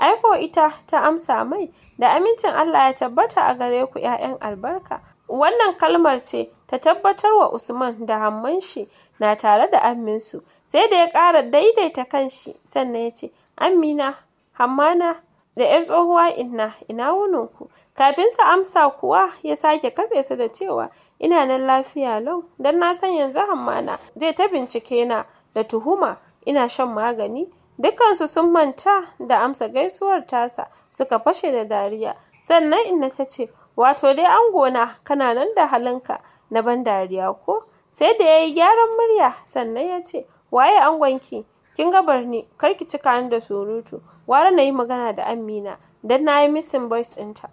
Aiko ita ta amsa mai, da amincin Allah ya tabbata a gare ku ‘ya'yan albarka. Wannan kalmar ce ta tabbatar wa Usman da hamman shi na tare da aminsu sai da ya ƙara daidaita kan shi sannan ya ce, Amina, hammana, da ‘yar tsohuwa ina ina ku Kafin sa amsa kuwa ya sake katse su da cewa, ina nan lafiya lau, don na san yanzu hammana zai ta bincike na da tuhuma, ina shan magani. Dukansu sun manta da amsa gaisuwar tasa suka fashe da dariya. Sannan inna ta ce, Wato dai angona kana nan da halinka na ban dariya ko? Sai da ya yi gyaran murya sannan ya ce, Waye angonki? Kin ga barni kar ki cika ni da surutu. Wara na yi magana da Amina, don na yi missing voice ɗinta.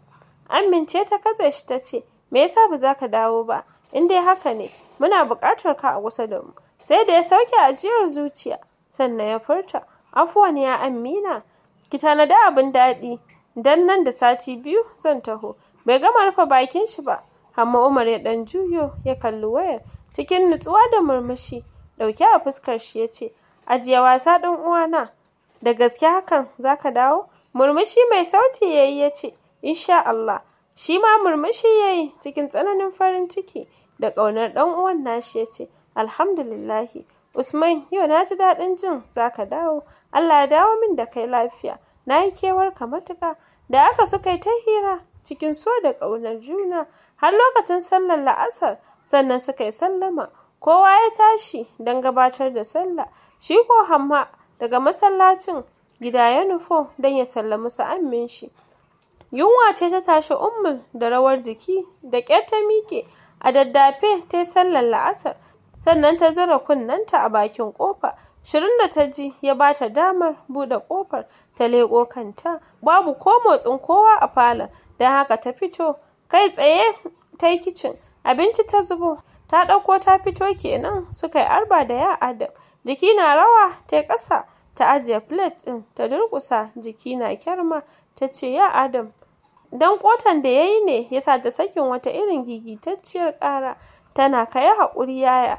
Amince ta katse shi ta ce, Me yasa ba za ka dawo ba? In dai haka ne, muna buƙatar ka a kusa da mu. Sai da ya sauke ajiyar zuciya, sannan ya furta. Afuwan ya Amina, ki tanadi abin daɗi, dan nan da sati biyu zan taho. Bai gama rufe bakin shi ba, amma Umar ya ɗan juyo ya kalli wayar cikin nutsuwa da murmushi, ɗauke a fuskar shi ya ce, Ajiye wasa ɗan uwana, da gaske hakan za ka dawo? Murmushi mai sauti yayi yi ya ce, Insha Allah, shi ma murmushi ya yi cikin tsananin farin ciki da ƙaunar ɗan uwan nashi ya ce, Alhamdulillahi, Usman yau na ji daɗin jin za ka dawo. Allah ya dawo min da kai lafiya. Na yi kewar ka matuka. Da aka suka yi ta hira cikin so da ƙaunar juna har lokacin sallar la'asar sannan suka yi sallama. Kowa ya tashi don gabatar da sallah. Shi ko hamma daga masallacin gida ya nufo don ya sallami su ammin shi. Yunwa ce ta tashi ummul da rawar jiki da ƙyar ta miƙe a daddafe ta yi sallar la'asar sannan ta zura kunnenta a bakin kofa shirin da ta ji ya ba ta damar buɗe ƙofar. ta leƙo kanta babu ko motsin kowa a falon don haka ta fito kai tsaye ta yi kicin abinci ta zubo ta ɗauko ta fito kenan suka yi arba da ya adam jiki na rawa ta ƙasa ta ajiye plate ɗin ta durƙusa jiki na kyarma ta ce ya adam don kotan da ya yi ne ya sa ta sakin wata irin gigitacciyar ƙara tana ka yi haƙuri yaya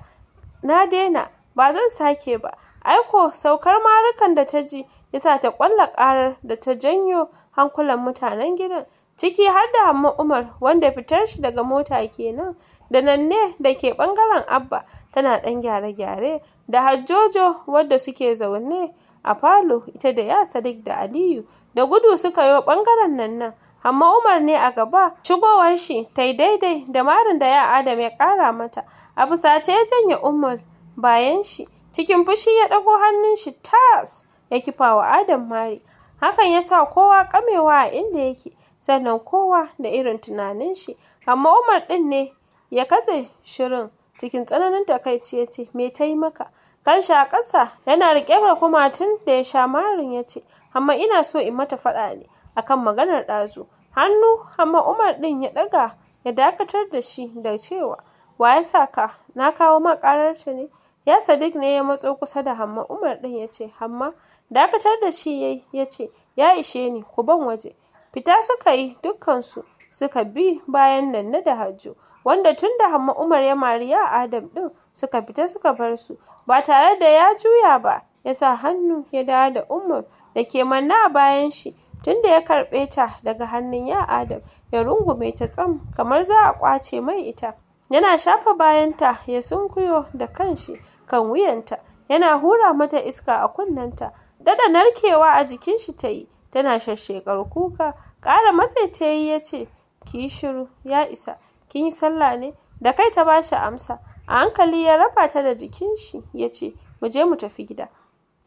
na daina ba zan sake ba aiko saukar marukan da ta ji yasa ta ƙwalla ƙarar da ta janyo hankulan mutanen gidan ciki har da Hamma Umar wanda fitar shi daga mota kenan da Nanne da ke bangaren Abba tana ɗan gyare-gyare da Hajjojo wadda suke zaune a falo ita da ya Sadiq da Aliyu da gudu suka yo bangaren nan nan amma Umar ne a gaba shigowar shi ta yi daidai da marin da ya Adam ya kara mata a fusace ya janye Umar bayan shi cikin fushi ya ɗago hannun shi tas ya kifa Adam mari hakan ya sa kowa kamewa a inda yake sannan kowa da irin tunanin shi amma Umar ɗin ne ya katse shirin cikin tsananin takaici ya ce me ta yi maka kanshi a ƙasa yana riƙe kuma tun da ya sha marin ya ce amma ina so in mata faɗa ne akan maganar ɗazu hannu amma umar ɗin ya ɗaga ya dakatar da shi da cewa wa ya sa ka na kawo ma ƙararta ne ya sadiq ne ya matso kusa da hamma umar ɗin ya ce hamma dakatar da shi ya ce ya ishe ni ku ban waje fita suka yi dukkansu suka bi bayan nan da hajjo wanda tun da hamma umar ya mari ya adam ɗin suka fita suka bar su ba tare da ya juya ba ya sa hannu ya dawo da umar da ke manna bayan shi tunda ya karɓe ta daga hannun ya Adam ya rungume ta tsam kamar za a ƙwace mai ita yana shafa bayanta ya sunkuyo da kanshi kan wuyanta yana hura mata iska a kunnenta dada narkewa a jikin shi ta yi tana shasshekar kuka ƙara matse ta yi ya ce ki shiru ya isa kin yi sallah ne da kai ta bashi amsa a hankali ya raba ta da jikin shi ya ce mu je mu tafi gida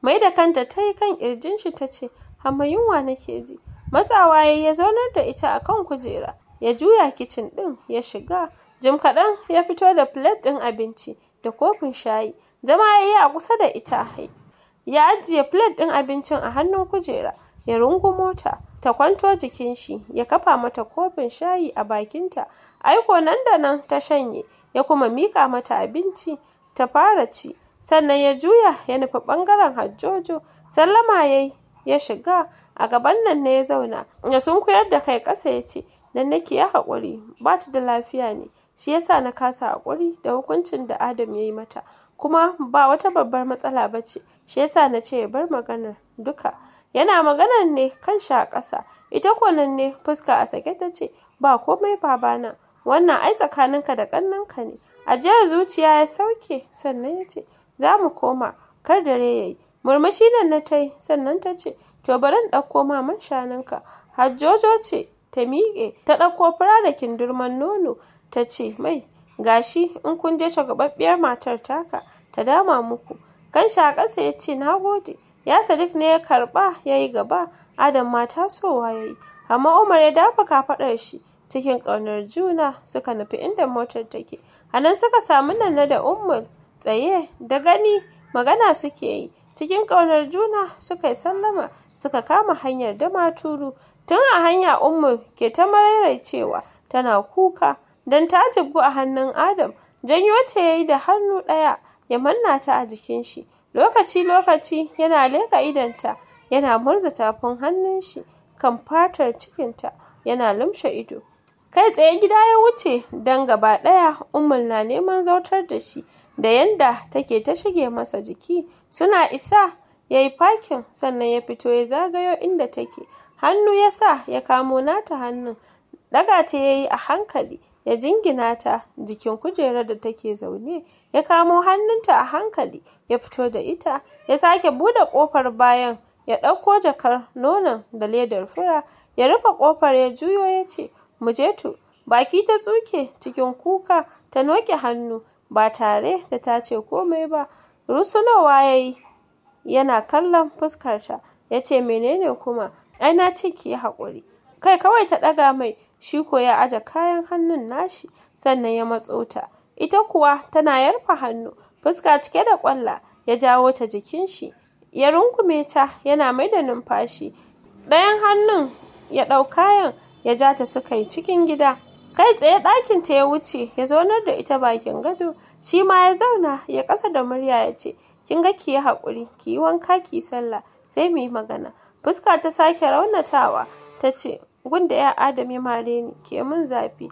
mai da kanta ta yi kan ƙirjin shi ta ce amma yunwa nake ji matsawa ya ya zaunar da ita a kan kujera ya juya kicin ɗin ya shiga jim kaɗan ya fito da filet ɗin abinci da kofin shayi zama ya yi a kusa da ita ya ajiye filet ɗin abincin a hannun kujera ya rungu mota ta kwanto jikin shi ya kafa mata kofin shayi a bakinta aiko nan da nan ta shanye ya kuma mika mata abinci ta fara ci sannan ya juya ya nufi ɓangaren hajjojo sallama ya yi ya shiga a gaban nan ne ya zauna ya sunkuyar da kai ƙasa ya ce nan nake ya haƙuri ba ta da lafiya ne shi yasa na kasa haƙuri da hukuncin da adam ya yi mata kuma ba wata babbar matsala ba ce shi yasa na ce ya bar maganar duka yana maganar ne kan shi a ƙasa ita kwanan ne fuska a sake ta ce ba komai babana wannan ai tsakaninka da ƙannanka ne A ajiyar zuciya ya sauke sannan ya ce za mu koma kar dare ya yi Murmushi nan na ta yi, sannan ta ce, To bari in ɗauko maman shanunka. Hajjojo ce ta miƙe, ta ɗauko fura da kindurman nono, ta ce, Mai, gashi in kun je shagababbiyar matar taka, ta dama muku. Kan shakasa ƙasa ya ce, Na gode. Ya Sadiq ne ya karɓa ya yi gaba, Adam mata sowa ya yi. Amma Umar ya dafa kafaɗar shi cikin ƙaunar juna suka nufi inda motar take. A nan suka samu Nanna da Ummul tsaye da gani magana suke yi. cikin ƙaunar juna suka yi sallama suka kama hanyar turu tun a hanya ummu ke ta cewa tana kuka don ta jibgu a hannun adam janyo ta yayi da hannu ɗaya ya manna ta a jikin shi lokaci lokaci yana leka idanta yana murza tafin hannun shi kan fatar cikinta yana lumshe ido kai tsaye gida ya wuce don gaba ɗaya umul na neman zautar da shi da yanda take ta shige masa jiki suna isa ya yi fakin sannan ya fito ya zagayo inda take hannu ya sa ya kamo nata hannun daga ta ya yi a hankali ya jingina ta jikin kujerar da take zaune ya kamo hannunta a hankali ya fito da ita ya sake buɗe ƙofar bayan ya ɗauko jakar nonon da ledar fura ya rufe ƙofar ya juyo ya ce Mujetu baki ta tsuke cikin kuka ta noke hannu ba tare da ta ce komai ba. Rusunowa ya yana kallon fuskarta ya ce menene kuma ai na ce ki yi haƙuri. Kai kawai ta ɗaga mai shi ko ya aje kayan hannun nashi sannan ya matso ta. Ita kuwa tana yarfa hannu fuska cike da ƙwalla ya jawo ta jikin shi ya rungume ta yana mai da numfashi. Ɗayan hannun ya ɗau kayan ya ja ta suka yi cikin gida kai tsaye ɗakin ta ya wuce ya zaunar da ita bakin gado shi ma ya zauna ya ƙasa da murya ya ce kin ga ki yi haƙuri ki yi wanka ki sallah sai mu yi magana fuska ta sake raunatawa ta ce gun ya adam ya mare ni ke mun zafi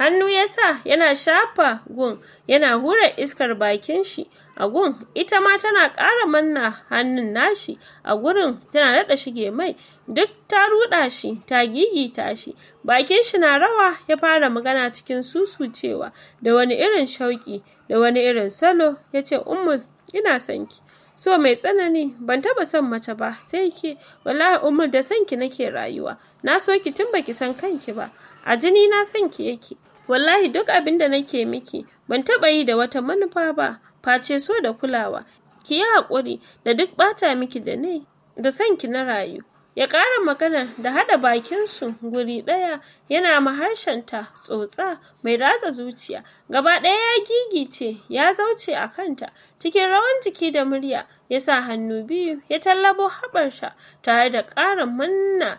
hannu ya sa yana shafa gun yana hura iskar bakin shi a gun ita ma tana ƙara manna hannun nashi a gurin tana daɗa shige mai duk ta ruɗa shi ta gigita shi bakin shi na rawa ya fara magana cikin susu cewa da wani irin shauƙi da wani irin salo ya ce ummu ina son ki so mai tsanani ban taba son mace ba sai ki wallahi umar da son ki nake rayuwa na so ki tun baki san kanki ba a jini na son ki yake Wallahi duk abin da nake miki, ban taɓa yi da wata manufa ba, face so da kulawa. Ki yi haƙuri da duk bata miki da ne? da son ki na rayu. Ya ƙara magana da haɗa bakin bakinsu guri ɗaya yana maharshanta tsotsa mai ratsa zuciya. Gaba ɗaya ya gigice ya zauce a kanta cikin rawan jiki da murya ya sa hannu biyu ya tallabo haɓarsa tare da ƙara manna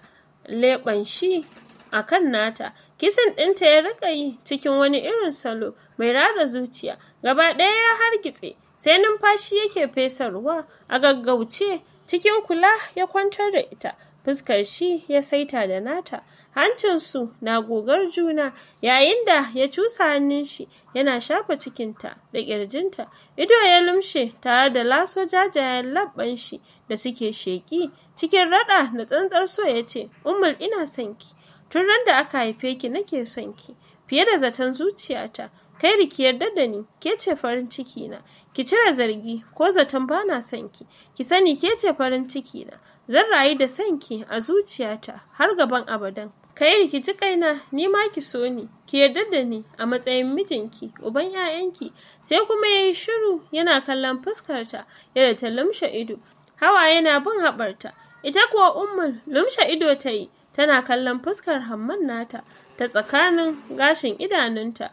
leɓen shi a kan nata Kisan ɗinta ya riƙa yi cikin wani irin salo mai raga zuciya, gaba ɗaya ya hargitse, sai numfashi yake fesarwa a gaggauce cikin kula ya kwantar da ita, fuskar shi ya saita da nata. hancinsu na gogar juna yayin da ya cusa hannun shi yana shafa cikinta da ƙirjinta ido ya lumshe tare da laso jajayen labban shi da suke sheƙi cikin raɗa na tsantsar so ya ce ummul ina son ki tun ran da aka haife ki nake son ki fiye da zaton zuciyata kai rikiyar yarda da ni ke ce farin ciki na ki cire zargi ko zaton bana son ki ki sani ke ce farin ciki na zan rayu da son ki a zuciyata har gaban abadan kai rikici kaina ni ma ki so ni ki yarda da ni a matsayin mijinki uban 'ya'yanki. sai kuma yayi shiru yana kallon fuskar ta, yana ta lumshe ido hawa yana bin haɓarta ita kuwa ummul lumshe ido ta yi tana kallon fuskar Hamman nata ta tsakanin gashin idanunta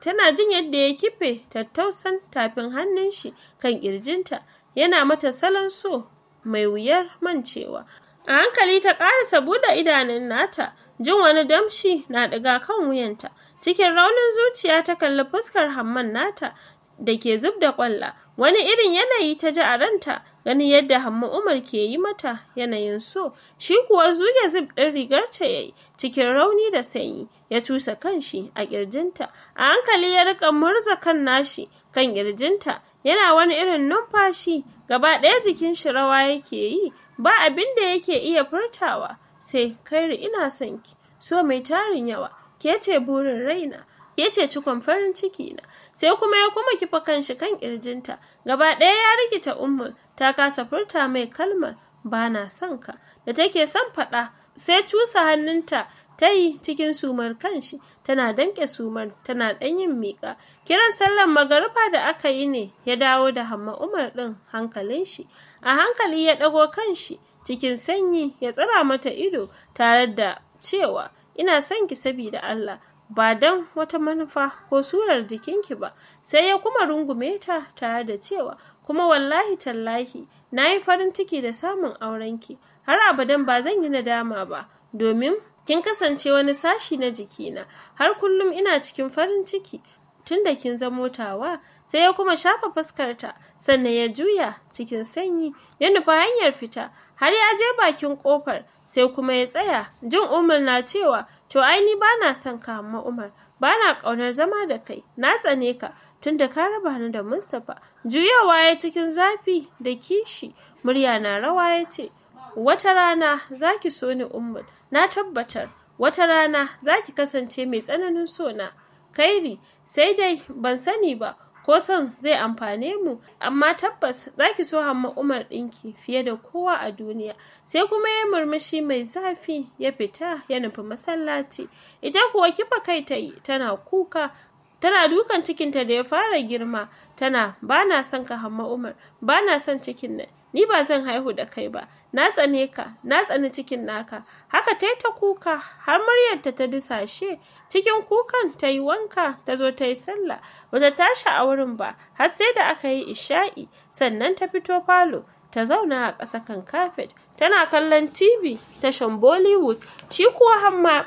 tana jin yadda ya kife tattausan tafin hannun shi kan kirjinta yana mata salon so mai wuyar mancewa a hankali ta karasa saboda idanun nata jin wani damshi na ɗiga kan wuyanta cikin raunin zuciya ta kalli fuskar Hamman nata da ke zub da kwalla wani irin yanayi ta ji a ranta gani yadda hamma umar ke yi mata yanayin so shi kuwa zuge zub ɗin rigarta ya yi cikin rauni da sanyi ya cusa shi, a ƙirjinta a hankali ya rika murza kan nashi kan ƙirjinta yana wani irin numfashi gaba ɗaya jikin shi rawa yake yi ba abin da yake iya furtawa sai kairi ina son ki so mai tarin yawa ke ce burin raina yace ce cikon farin ciki na. Sai kuma ya kuma kifa kanshi kan kirjinta. Gaba ɗaya ya rikita Ummul ta kasa furta mai kalmar bana son ka da take son faɗa sai cusa hannunta ta yi cikin sumar kanshi tana danke sumar tana ɗan yin miƙa kiran sallan magarufa da aka yi ne ya dawo da hamma umar ɗin hankalin shi a hankali ya ɗago kanshi cikin sanyi ya tsira mata ido tare da cewa ina son ki sabida Allah ba don wata manufa ko surar jikinki ba sai ya kuma rungume ta tare da cewa kuma wallahi tallahi na yi farin ciki da samun aurenki har abadan ba zan yi nadama ba domin kin kasance wani sashi na jikina har kullum ina cikin farin ciki tun da kin zamo tawa sai ya kuma shafa fuskarta sannan ya juya cikin sanyi ya nufa hanyar fita har ya je bakin kofar sai kuma ya tsaya jin umar na cewa to ai ni na son kama Umar, ba na ƙaunar zama da kai na tsane ka tunda ka raba ni da Mustapha juyawa ya cikin zafi da kishi murya na rawa ya ce wata rana za ki so ni Umar. na tabbatar wata rana za ki kasance mai tsananin sona kairi sai dai ban sani ba ko son zai amfane mu amma tabbas za ki so hamma umar ɗinki fiye da kowa a duniya sai kuma ya murmushi mai zafi ya fita ya nufi masallaci ita kuwa kifa kai ta yi tana kuka tana dukan cikinta da ya fara girma tana ba na son ka hamma umar ba na son cikin nan ni ba zan haihu da kai ba na tsane ka na tsani cikin naka haka ta yi ta kuka har muryarta ta dusashe. cikin kukan ta yi wanka ta zo ta yi sallah Ba ta tashi a wurin ba har sai da aka yi isha'i sannan ta fito falo ta zauna a ƙasa kan kafet tana kallon tv tashan bollywood shi kuwa hamma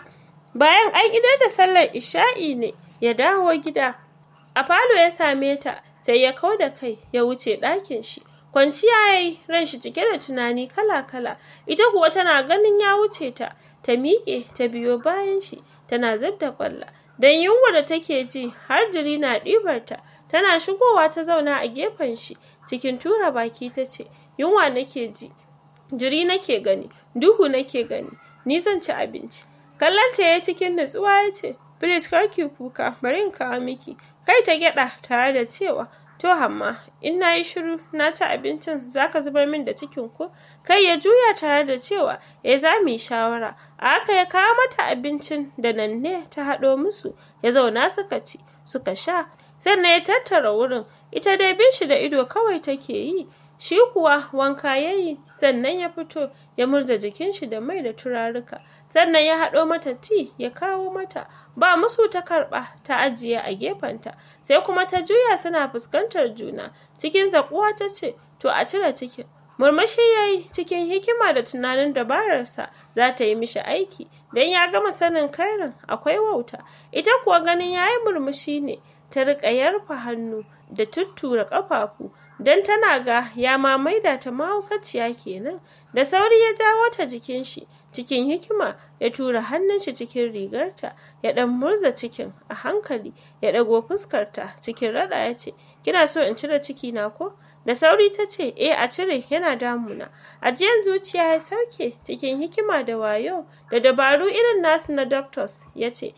bayan an idar da sallar isha'i ne ya dawo gida a falo ya same ta sai ya kau da kai ya wuce ɗakin shi Kwanciya ya yi shi cike da tunani kala-kala, ita kuwa tana ganin ya wuce ta, ta miƙe ta biyo bayan shi tana zub da kwalla Don yunwa da take ji har jiri na ɗibar ta, tana shigowa ta zauna a gefen shi cikin tura baki ta ce, yunwa nake ji, jiri nake gani, duhu nake gani, ni zan ci abinci. Kallon ta ya cikin nutsuwa ya ce, Please ki kuka, bari in kawo miki. Kai ta gyaɗa tare da cewa, To hamma, in na yi shiru na ci abincin za ka zubar min da cikin ko? Kai ya juya tare da cewa ya eh, za mu yi shawara. A haka ya kawo mata abincin da nan ne ta haɗo musu ya zauna suka ci suka sha. Sannan ya tattara wurin ita dai bin shi da ido kawai take yi. Shi kuwa wanka ya yi, sannan ya fito, ya murza shi da mai da turaruka, sannan ya haɗo mata ti ya kawo mata, ba musu ta karɓa ta ajiye a gefenta, sai kuma ta juya suna fuskantar juna, cikin zaƙuwa ta ce, to a cire cikin. Murmushi ya yi cikin hikima da tunanin dabararsa za ta yi mishi aiki, don ya gama sanin kairin akwai wauta, ita kuwa ganin ya yi murmushi ne, ta riƙa yarfa hannu da tuttura ƙafafu don tana ga ya ma maida ta mahaukaciya kenan da sauri ya jawo ta jikin shi cikin hikima ya tura hannun shi cikin rigarta ya ɗan murza cikin a hankali ya ɗago fuskarta cikin raɗa ya ce kina so in cire ciki na ko da sauri ta ce eh a cire yana damuna ajiyan zuciya ya sauke cikin hikima da wayo da dabaru irin nasu na doctors ya ce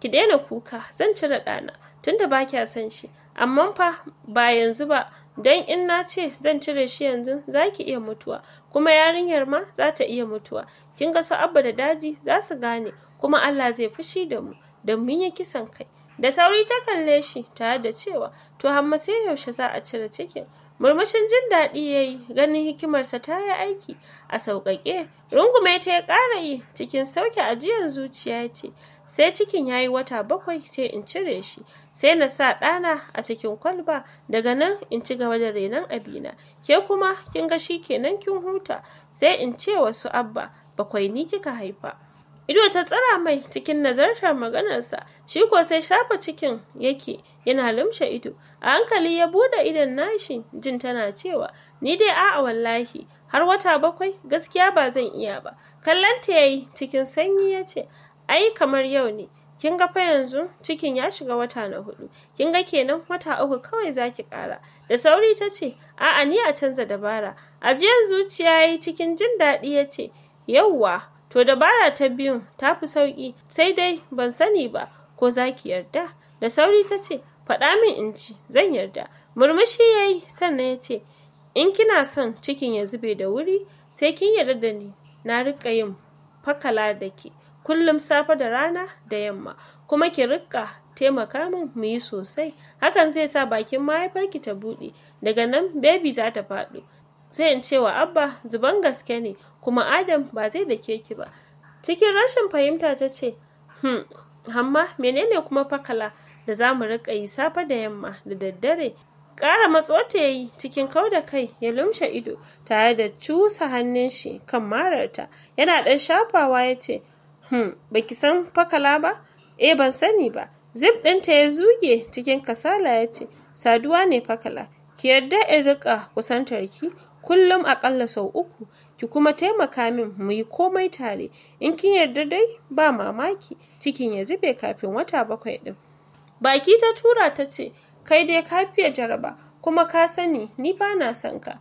ki daina kuka zan cire ɗana tunda ba kya son shi amma fa ba yanzu ba don in na ce zan cire shi yanzu za ki iya mutuwa kuma yarinyar ma za ta iya mutuwa kin ga su abba da daji za su gane kuma Allah zai fushi da mu da mun yi kisan kai da sauri ta kalle shi tare da cewa to hamma sai yaushe za a cire cikin murmushin jin daɗi ya yi ganin hikimarsa ta yi aiki a sauƙaƙe rungume ta ya ƙara yi cikin sauke ajiyar zuciya ce sai cikin ya yi wata bakwai sai in cire shi sai na sa ɗana a cikin kwalba daga nan in ci gaba da renon abina ke kuma kin ga shi kenan kin huta sai in ce wasu abba bakwai ni kika haifa ido ta tsara mai cikin nazartar maganarsa shi ko sai shafa cikin yake yana lumshe ido a hankali ya bude idon nashi jin tana cewa ni dai a'a wallahi har wata bakwai gaskiya ba zan iya ba kallanta yayi cikin sanyi ya ce ai kamar yau ne kin ga fa yanzu cikin ya shiga wata na hudu kin ga kenan wata uku kawai zaki kara da sauri ta ce a'a ni a canza dabara ajiyar zuciya yi cikin jin daɗi ya ce yauwa to dabara ta biyun ta fi sauƙi, sai dai ban sani ba ko zaki yarda da sauri ta ce faɗa min in ji zan yarda murmushi ya yi sannan ya ce in kina son cikin ya zube da wuri sai kin yarda da ni na riƙa yin fakala da ke kullum safe da rana da yamma kuma ki rika taimaka min mu yi sosai hakan zai sa bakin mahaifarki ta buɗe daga nan baby za ta faɗo sai in cewa abba zuban gaske ne kuma adam ba zai da ki ba cikin rashin fahimta ta ce hmm amma menene kuma fakala da za mu rika yi safe da yamma da daddare ƙara matso ta yi cikin kau da kai ya lumshe ido tare da cusa hannun shi kan mararta yana ɗan shafawa ya ce Hmm, baki san fakala ba? Eh ban sani ba. Zip ɗinta ya zuge cikin kasala ya ce, saduwa ne fakala, ki yarda in rika kusantar ki kullum aƙalla sau uku, ki kuma taimaka min mu yi komai tare, in kin yarda dai ba mamaki cikin ya zube kafin wata bakwai ɗin. Baki ta tura ta ce, kai dai ka fiye jaraba, kuma ka sani ni ba na son ka.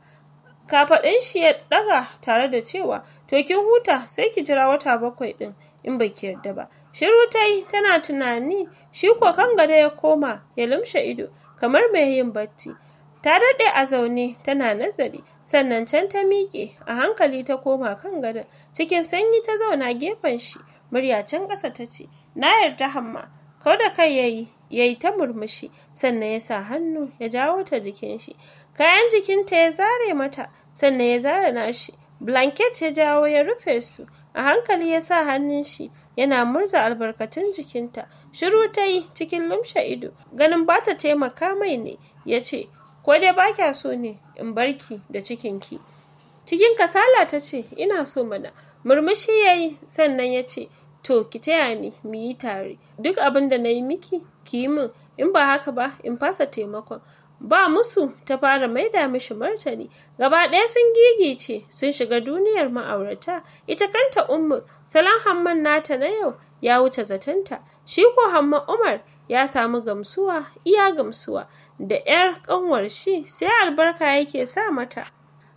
Kafaɗin shi ya ɗaga tare da cewa, to kin huta sai ki jira wata bakwai ɗin, in baki yarda ba shiru ta yi tana tunani shi ko kan gado ya koma ya lumshe ido kamar mai yin bacci ta daɗe a zaune tana nazari sannan can ta miƙe a hankali ta koma kan gado cikin sanyi ta zauna gefen shi murya can ƙasa ta ce na yarda hamma kau da kai yayi yayi ta murmushi sannan ya sa hannu ya jawo ta jikin shi kayan jikinta ya zare mata sannan ya zare nashi Blanket ya jawo ya rufe su, a hankali ya sa hannun shi yana murza albarkatun jikinta. Shiru ta yi cikin lumshe ido, ganin ba ta taimaka mai ne, ya ce, Ko dai ba kya so ne in barki da cikinki. Cikin kasala ta ce, Ina so mana. Murmushi ya yi, sannan ya ce, To, ki taya ni mu yi tare, duk abin da na yi miki, ki yi min, in ba haka ba, in fasa taimakon. ba musu ta fara maida mishi martani gaba ɗaya sun gigice sun shiga duniyar ma'aurata ita kanta ummu salon hamman nata na yau ya wuce zatanta shi ko hamman umar ya samu gamsuwa iya gamsuwa da 'yar kanwar shi sai albarka yake sa mata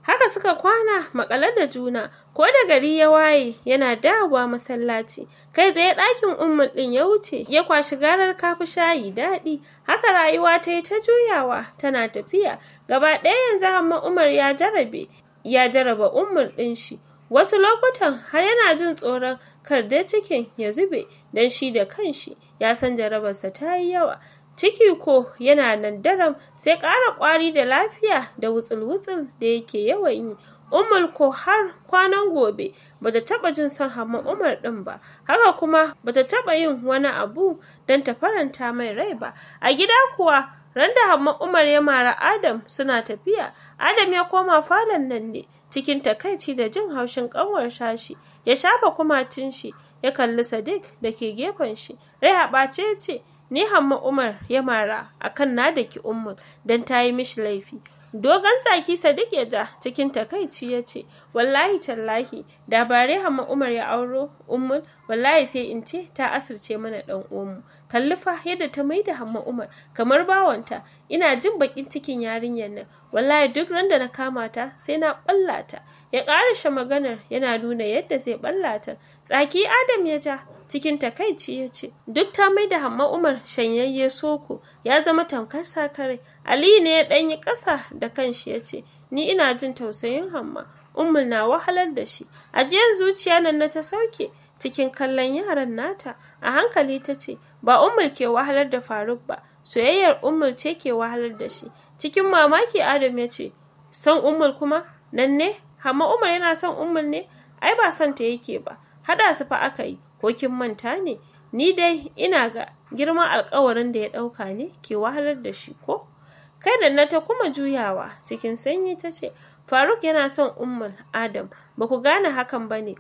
haka suka kwana makale da juna ko da gari ya waye yana dawowa masallaci kai tsaye ɗakin ummul ɗin ya wuce ya kwashi garar kafi shayi daɗi haka rayuwa ta yi ta juyawa tana tafiya gaba ɗaya yanzu hamma umar ya jarabe ya jaraba ummul ɗin shi wasu lokutan har yana jin tsoron kar da cikin ya zube dan shi da kanshi ya san jarabarsa ta yi yawa Ciki ko yana nan daram sai ƙara ƙwari da lafiya da wutsul-wutsul da yake yawan yi. Umul, ko har kwanan gobe ba ta taɓa jin son Hamma Umar ɗin ba, haka kuma ba ta taɓa yin wani abu don ta faranta mai rai ba. A gida kuwa ran da Hamma Umar ya mara Adam suna tafiya, Adam ya koma falon nan ne cikin takaici da jin haushin ƙanwar shashi, ya shafa kumacin shi, ya kalli Sadiq da ke gefen shi, rai a ɓace ce, Ni Hamma Umar ya mara a kan na daki Ummul don ta yi mishi laifi. Dogon tsaki Sadiq ya ja cikin takaici ya ce, Wallahi tallahi, da bare Hamma Umar ya auro Ummul, wallahi sai in ce ta asirce mana ɗan uwanmu. kalli fa yadda ta mai da hamma umar kamar bawanta ina jin bakin cikin yarinyar nan wallahi duk randa na kama ta sai na ballata ya karashe maganar yana nuna yadda zai ballata tsaki adam ya ja cikin takaici ya ce duk ta mai da hamma umar shanyayye soko ya zama tamkar sakare aliyu ne ya danyi kasa da kanshi ya ce ni ina jin tausayin hamma ummul na wahalar da shi ajiyar zuciya nan na ta sauke cikin kallon yaran nata a hankali ta ce ba Umar ke wahalar da faruk ba soyayyar Umar ce ke wahalar da shi cikin mamaki adam ya ce son Umar kuma nan ne amma umar yana son Umar ne ai ba son ta yake ba hada su fa aka yi ko kin manta ne ni dai ina ga girman alkawarin da ya dauka ne ke wahalar da shi ko kai da na ta kuma juyawa cikin sanyi ta ce faruk yana son Umar, adam ba ku gane hakan ba ne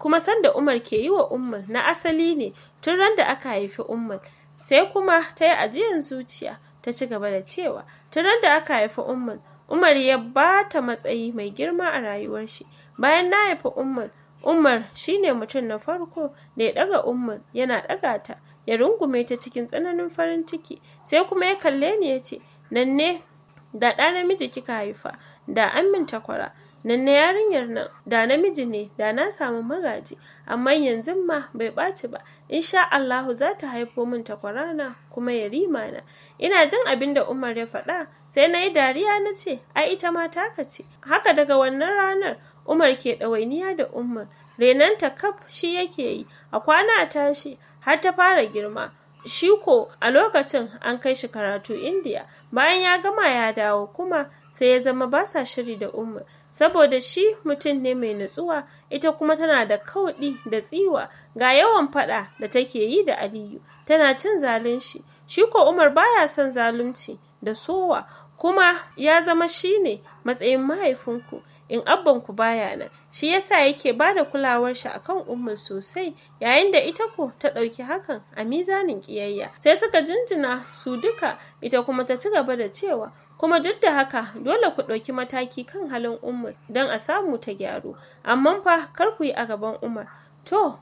kuma sanda Umar ke yi wa ummar na asali ne tun ran da aka haifi ummar sai kuma ta yi ajiyan zuciya ta ci gaba da cewa tun ran da aka haifi Ummul Umar ya ba ta matsayi mai girma a rayuwar shi bayan na haifi ummar Umar shi ne mutum na farko da ya daga ummar yana daga ta ya rungume ta cikin tsananin farin ciki sai kuma ya kalle ni ya ce nan ne da ɗa namiji kika haifa da amin takwara nan na yarinyar nan da namiji ne da na samu magaji amma yanzu ma bai ɓaci ba insha Allahu za ta haifo min takwarana kuma ya rima na ina jin abin da Umar ya faɗa sai na yi dariya na ce ai ita ma taka ce haka daga wannan ranar Umar ke ɗawainiya da Umar renanta kaf shi yake yi a kwana a tashi har ta fara girma shiko a lokacin an kai shi karatu indiya bayan ya gama ya dawo kuma sai ya zama ba sa shiri da umma saboda shi mutum ne mai nutsuwa ita kuma tana da kauɗi da tsiwa ga yawan faɗa da take yi da aliyu tana cin zalunci shiko umar baya son zalunci da sowa kuma ya zama shi ne matsayin mahaifinku in abbanku baya nan shi yasa yake ba da kulawar shi akan ummul sosai yayin da ita ko ta ɗauki hakan a mizanin ƙiyayya sai suka jinjina su duka ita kuma ta ci gaba da cewa kuma duk da haka dole ku ɗauki mataki kan halin umar don a samu ta gyaru amma fa kar ku yi a gaban umar to